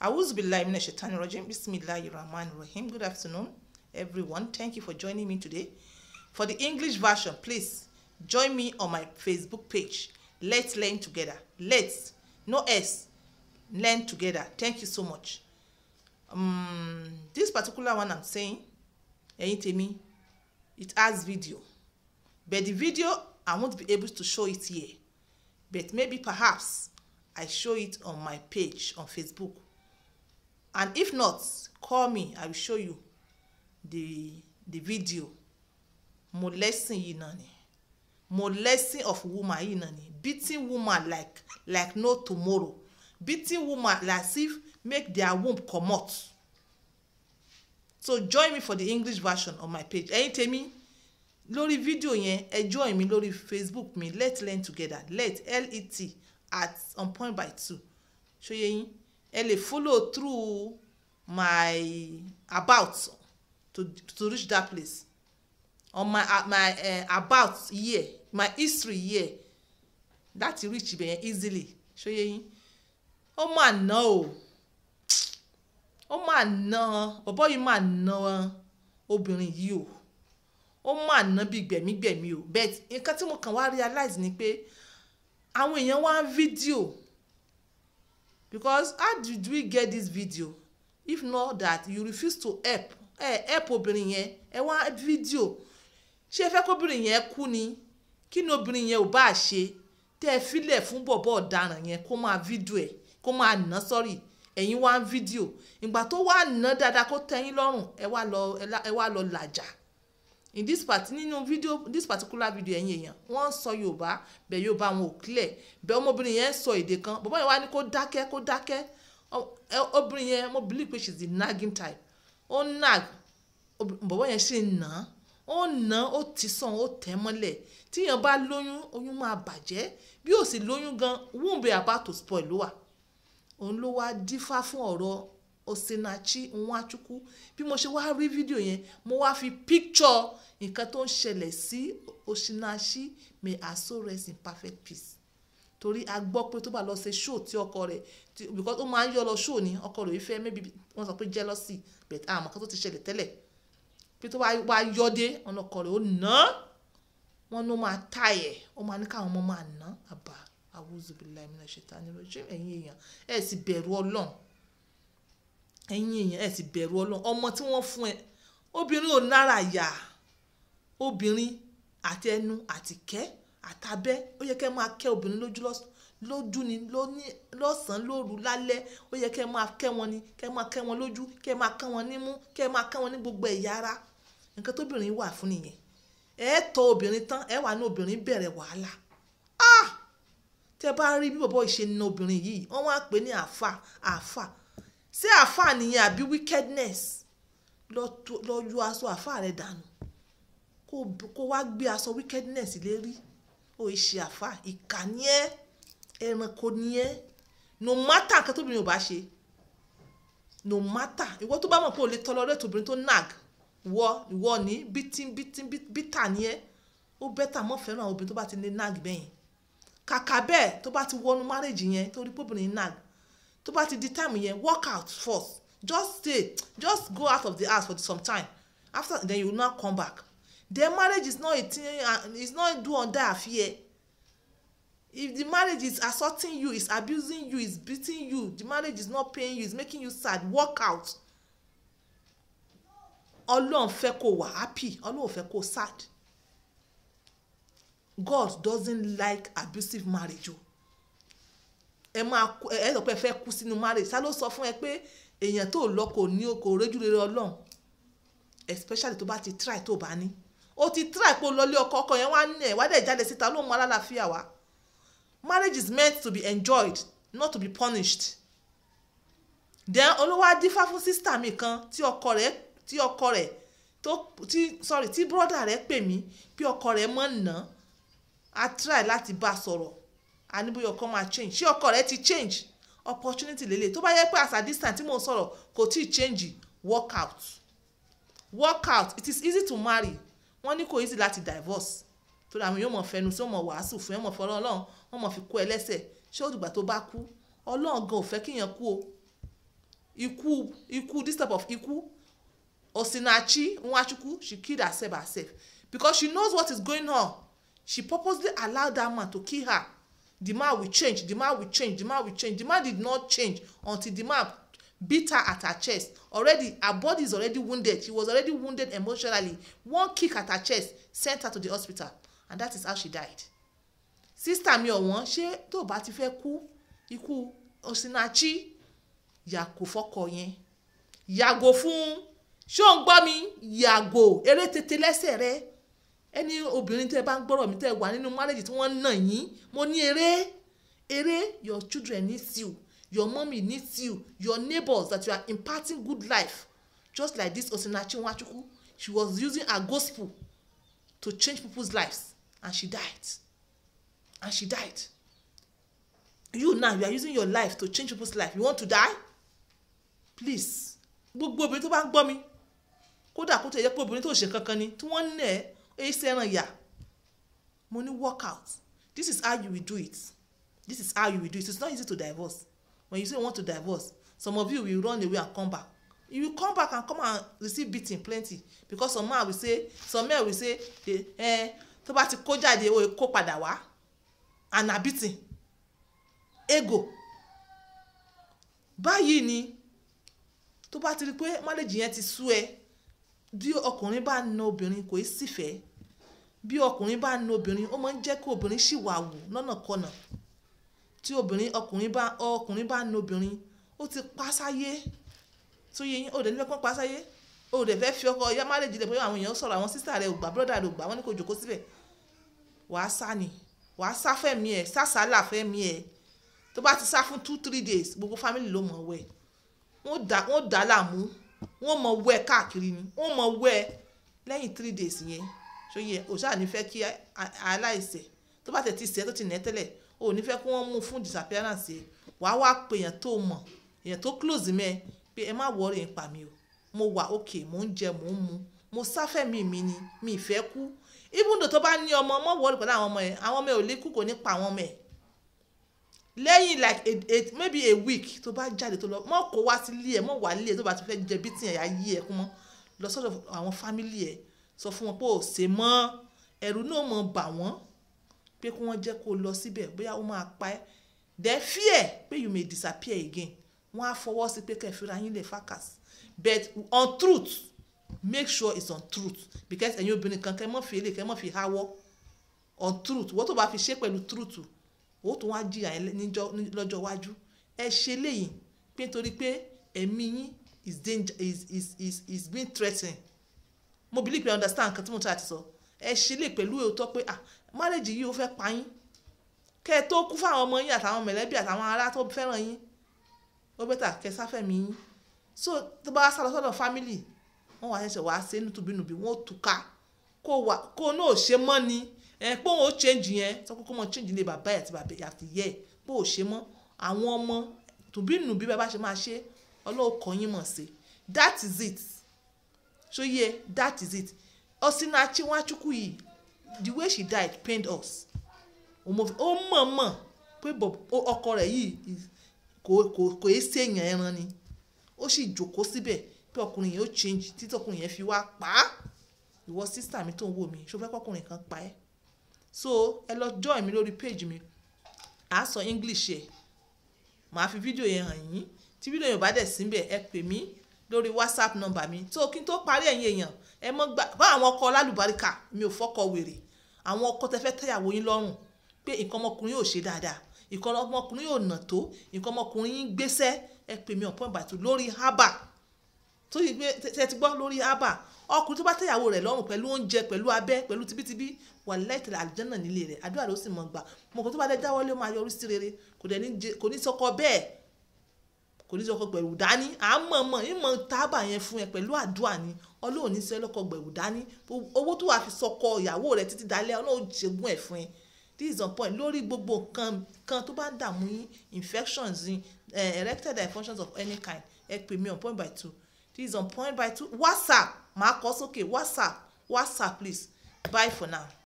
Awuzbillah Imina Shetani Rajim, Bismillahir Rahman, Rahim. Good afternoon, everyone. Thank you for joining me today. For the English version, please join me on my Facebook page. Let's learn together. Let's, no S, learn together. Thank you so much. Um, this particular one I'm saying, ẹ̀yin tèmi, it has video. But the video, I won't be able to show it here. But maybe perhaps I show it on my page on Facebook and if not call me i will show you the the video molesting yìí náà ni molesting of woman yìí náà ni beating woman like like no tomorrow beating woman like if make their womb comot so join me for the english version on my page ẹ̀yin tèmi lórí fídíò yẹn ẹ join mi lórí facebook mi Let learn together let let at on point by two ṣóyẹ yín ẹ lè follow through my about to, to reach that place on my uh, my uh, about year my history year you reach ibẹ̀ yẹn easily ṣóyé yín ó máa ná o ó máa ná bọ̀bọ́ yìí máa ná obìnrin yìí o ó máa ná bíi gbẹ̀mígbẹ̀mí o but nǹkan tí mo kàn wá realize ni pé àwọn èèyàn wá ń because how did we get this video if not that you refuse to help ẹ help obìnrin yẹn ẹ wá video. ṣé ẹ fẹ́ kóbìnrin yẹn kú ni kí ni obìnrin yẹn ò bá ṣe tẹ́ ẹ filẹ̀ fún bọ̀bọ̀ ọ̀daràn yẹn kó máa fídíò ẹ̀ kó máa nà sọ́rí ẹ̀yin wá ń fídíò ìgbà tó wá nà dáadáa kó tẹ́yìn lọ́rùn ẹ wá lọ làjà in this part nínú video this particular video ẹ̀yin èèyàn wọ́n ń sọ yorùbá bẹ̀ yorùbá wọn ò clear bẹ̀ ọmọbìnrin yẹn ń sọ èdè kan bàbá yẹn wá ní kó dákẹ́ kó dákẹ́ obìnrin yẹn mo believe pé she is the nagging type ó nag bàbá yẹn ṣe nà án ó nà án ó ti sàn ó tẹ̀ mọ́lẹ̀ tíyàn bá lóyún oyún máa bàjẹ́ bí ó sì lóyún gan womb about to spoil ló wà òun ló wá dífá fún ọ̀rọ̀ Osinachi Nwachukwu bí mo ṣe wá rí fídíò yẹn mo wá fi píkṣọ nǹkan tó ń ṣẹlẹ̀ sí Osinachi may her soul rest in perfect peace torí a gbọ́ pé tó bá lọ ṣe ṣó tí ọkọ rẹ̀ because ó máa ń yọ lọ ṣó ni ọkọ rẹ̀ fẹ́ maybe wọ́n sọ pé jealousy but àmọ́ kan tó ti ṣẹlẹ̀ tẹ́lẹ̀ pé tó wá yọdé ọ̀nà ọkọ rẹ̀ ó ná wọn ló máa tà ẹ̀ ó máa ní káwọn ọmọ máa ná àbá àwùjọ láìmínà ṣètà níròjú ẹ̀yìn èèyàn ẹ̀ sì bẹ̀rù ọlọ́run ẹ̀yin èèyàn ẹ sì bẹ̀rù ọlọ́run ọmọ tí wọ́n fún ẹ obìnrin ò nára yà obìnrin àti ẹnu àti kẹ́ àtàbẹ́ ó yẹ kẹ́ máa kẹ́ obìnrin lójú lójú ni lọ́sàn-án lóru lálẹ́ ó yẹ kẹ́ máa kẹ́ wọn ni kẹ́ máa kẹ́ wọn lójú kẹ́ máa kẹ́ wọn nímú kẹ́ máa kẹ́ wọn ní gbogbo ẹ̀yà ara nǹkan tóbìnrin wà fún nìyẹn ẹ tọ́ obìnrin tán ẹ wà ní obìnrin bẹ̀rẹ̀ wàhálà ah tẹ bá rí bí bọ̀bọ̀ ìṣe ní obìnrin yìí wọ́n wá pè ní àfà àfà ṣé àáfàá nìyẹn àbí wickedness lọ yọ aṣọ àáfàá rẹ dànù kó wá gbé aṣọ wickedness lérí ó ṣe àáfàá ìkà ni ẹ́ ẹranko ni ẹ́ no matter nǹkan tóbi ni ò bá ṣe no matter ìwọ tó bá mọ̀ pé o lè tolerate obìnrin tó nag wọ ìwọ ní bítín bítín bítà ni ẹ́ ó bẹ́tà mọ́ fẹ́ràn àwọn obìnrin tó bá ti ní nag bẹ́yìn kàkà bẹ́ẹ̀ tó bá ti wọnú márèjì yẹn torí pé nag tó bá the time yẹn work out first just stay just go out of the house for some time after then you now come back The marriage is not a thing uh, it's not do under affair if the marriage is assaulting you is abusing you is beating you the marriage is not paying you is making you sad work out ọlọ́run fẹ́ kó wà happy ọlọ́run fẹ́ kó sad God doesn't like abusive marriage o. Oh ẹ máa ẹ sọ pé ẹ kú sínú marriage sá ló sọ fún ẹ pé èèyàn tó lọ ní o kò rójú especially tó bá ti try tó bá ní o ti try pé o lọ lé ọkọ ọkọ yẹn wá ní ẹ wá dẹ̀ jáde síta lóun alálàáfíà wá marriage is meant to be enjoyed not to be punished then olówó adífá fún sísítà mi kan tí ọkọ rẹ̀ tí ọkọ rẹ̀ tó tí sorry tí brọ́dà rẹ̀ pè mí bí ọkọ rẹ̀ mọ̀ nà á try láti bá a sọ̀rọ̀ àní bóyá ọkọ máa change ṣé ọkọ rẹ ti change opportunity lele. tó bá yẹ pé as a this time tí mò ń sọ̀rọ̀ kò tí ì change work out work out it is easy to marry wọ́n ní kò easy láti divorce torí àwọn yóò mọ̀ fẹnu sí ọmọ wàásù fún ọmọ fọlọ́ ọlọ́run wọ́n mọ̀ fi kó ẹ lẹ́sẹ̀ ṣé ó dìgbà tó bá kú ọlọ́run gan ò fẹ́ kíyàn kú o ikú ikú this type of ikú osinachi nwachukwu she killed herself herself because she knows what is going on she purposely allowed that man to kill her the man will change the man will change the man will change the man did not change until the man beat her at her chest already her body is already wounded she was already wounded emotionally one kick at her chest sent her to the hospital and that is how she died sister mi ọ̀wọ́n ṣé tó o bá ti fẹ́ kú ikú osinachi yàgò fọ́kọ yẹn yàgò fún ṣé o ń gbọ́ mi yàgò eré tètè lẹ́sẹ̀ rẹ ẹni obìnrin tẹ́ bá ń gbọ́rọ̀ mi tẹ́ wà nínú marriage tí wọ́n ń nà yín mo ní eré eré your children needs you your mommy needs you your neighbors that you are imparting good life just like this osinachi nwachukwu she was using her gospel to change people's lives and she died and she died you now you are using your life to change people's life you want to die please gbogbo obìnrin tó bá ń gbọ́ mi kódà kó tó yẹ pé obìnrin tó ṣe kankan ni tí wọ́n ń nà èyí sẹ́ran yà mo ní work out this is how you will do it this is how you will do it it's not easy to divorce when you say you want to divorce some of you will run away and come back you come back and come and receive beating plenty because some man will say some men will say eh eh tó bá ti kó jáde o kó padà wá and na beating ego báyìí ni tó bá ti rí pé marriage yẹn ti sú ẹ bí ọkùnrin bá na obìnrin kò í sífẹ̀ẹ́ bí ọkùnrin bá nu obìnrin ó máa ń jẹ́ kí obìnrin ṣì wà wù lọ́nàkọnà tí obìnrin ọkùnrin bá ọkùnrin bá nu obìnrin ó ti pásáyé tó yẹ yín ó dẹ̀ nífẹ̀ẹ́ pọ́n pásáyé ó dẹ̀ fẹ́ fi ọkọ ya márèjì lẹ̀ bóyá àwọn èèyàn sọ̀rọ̀ àwọn sísà rẹ̀ ògbà bírọ̀dà rẹ̀ ògbà wọn ní kò jòkó síbẹ̀ wàá sá ni wàá sá fẹ́mi ẹ̀ sásàálà fẹ́mi ẹ̀ tó bá ti sá fún two three days gbogbo family ló mọ̀ wẹ̀ wọ́n dà á láàmú wọ́n mọ̀ wẹ̀ káàkiri ni wọ́n mọ̀ wẹ̀ lẹ́yìn three days yẹn ṣòye òṣà ní fẹ́ kí aláìṣẹ̀ tó bá tẹ̀ ti ṣẹ̀ tó ti nẹ́ tẹ́lẹ̀ o ò ní fẹ́ kí wọ́n mú fún disappearance wàá wá pe èèyàn tó mọ̀ èèyàn tó close mẹ́ pé ẹ má wọrí ẹ̀ pa mi o mo wà òkè mò ń jẹ mò ń mu mo sáfẹ́ mi mi ni mi ìfẹ́ kú even though tó bá ní ọmọ mọ́ wọrí pẹ̀lú àwọn ọmọ ẹ̀ àwọn ọmọ ẹ̀ ò lè kú kò ní pa àwọn ọmọ ẹ̀ lẹ́yìn like a, a, maybe a week tó bá jáde tó lọ mọ́ kó wá sílé ẹ̀ mọ́ wà lé ẹ̀ tó bá ti fẹ́ jẹ bí tìyàn yá yí ẹ̀ kú mọ́ lọ sọ́dọ̀ àwọn family ẹ̀ sọ fún wọn pé ò ṣe mọ́ ẹ̀rù náà mọ̀ bà wọ́n pé kí wọ́n jẹ́ kó lọ síbẹ̀ bóyá ó máa pa ẹ́ then fear pé you may disappear again wọ́n á fọwọ́ sí pé kẹfìrà yín lè fracas but on truth make sure it's on truth because ẹ̀yin obìnrin kan kẹ́ mọ́ fi eléyìí kẹ́ mọ́ fi háwọ́ on truth wọ́n tó bá fi ṣe pẹ̀lú truth ó tún wá jìyà lọ́jọ́ iwájú ẹ ṣe léyìí pé nítorí pé ẹ̀mí yín is danger is is is is being threatened mo believe pé understand nǹkan tí mo try àti sọ ẹ ṣe lè pẹ̀lú òótọ́ pé ah marriage yìí ó fẹ́ pa yín kẹ́ ẹ tó kú fáwọn ọmọ yín àtàwọn mẹ̀lẹ́bí àtàwọn ará tó fẹ́ràn yín ó bẹ́tà kẹ́ sáfẹ̀mí yín so tó bá sá lọ sọ́dọ̀ family wọ́n wá ṣẹ̀ṣẹ̀ wá ṣe nítubínubí wọ́n ó túká kó wà kó náà ṣe mọ́ ni ẹ pé òun ó change yẹn sọ pé kó mọ change ilé bàbá àti bàbá àti yẹ pé ò ṣe mọ́ àwọn ọmọ tùbínubí bàbá ṣe máa ṣe ọlọ́ọ̀kọ́ yín mọ̀ sí that is it so yeah that is it Osina Chinwachukwu yìí the way she died pained us ó mọ̀ mọ̀ pé ọkọ rẹ̀ yìí kò é séèyàn ẹran ni ó sì jòkó síbẹ̀ pé ọkùnrin yẹn ó change títí ọkùnrin yẹn fi wá pa á ìwọ sísà mi tó ń wò mí ṣo kọkùnrin kan pa ẹ́ so ẹ lọ join mi lórí page mi à á sọ English ẹ̀ màá fi fídíò yẹn hàn yín tí fídíò yẹn ò bá dẹ̀ síbẹ̀ ẹ pè mí lórí whatsapp number mi tó kí n tó parí ẹ̀yin èèyàn ẹ mọ́ gbà bá àwọn ọkọ lálùbáríkà mi ò fọ́kọ wèrè àwọn ọkọ tẹ fẹ́ tẹ́yàwó yín lọ́rùn pé nǹkan ọmọkùnrin yóò ṣe dáadáa nǹkan ọmọkùnrin yóò nà tó nǹkan ọmọkùnrin yín gbéṣẹ́ ẹ pè mí ọ̀pọ̀ ìbàtú lórí haba. tó yí gbé tẹ ti gbọ́ lórí hábà ọkùnrin tó bá tẹ̀yàwó rẹ̀ lọ́rùn pẹ̀lú oúnjẹ pẹ̀lú abẹ́ pẹ̀lú tibítibí wà lẹ́tẹ̀lẹ̀ àlùjànnà nílé rẹ̀ àdúrà ló sì mọ̀ gbà mọ̀kàn tó bá dẹ́ dáwọ́lé ó máa yọrí kò ní sọ ọkọ gbẹ̀rù dání àmọ̀mọ̀ ìmọ̀ tábà yẹn fún ẹ pẹ̀lú àdúrà ni ọlọ́run ní sọ ọkọ gbẹ̀rù dání owó tó wà fi sọkọ ìyàwó rẹ títí dalẹ́ ọlọ́run jẹ̀gún ẹ̀ fún ẹ this is on point lórí gbogbo nǹkan kan tó bá ń dààmú yín infections in uh, erectile infections of any kind ẹ pè mí on point by two this is on point by two whatsapp màá kọ sókè whatsapp whatsapp please bye for now.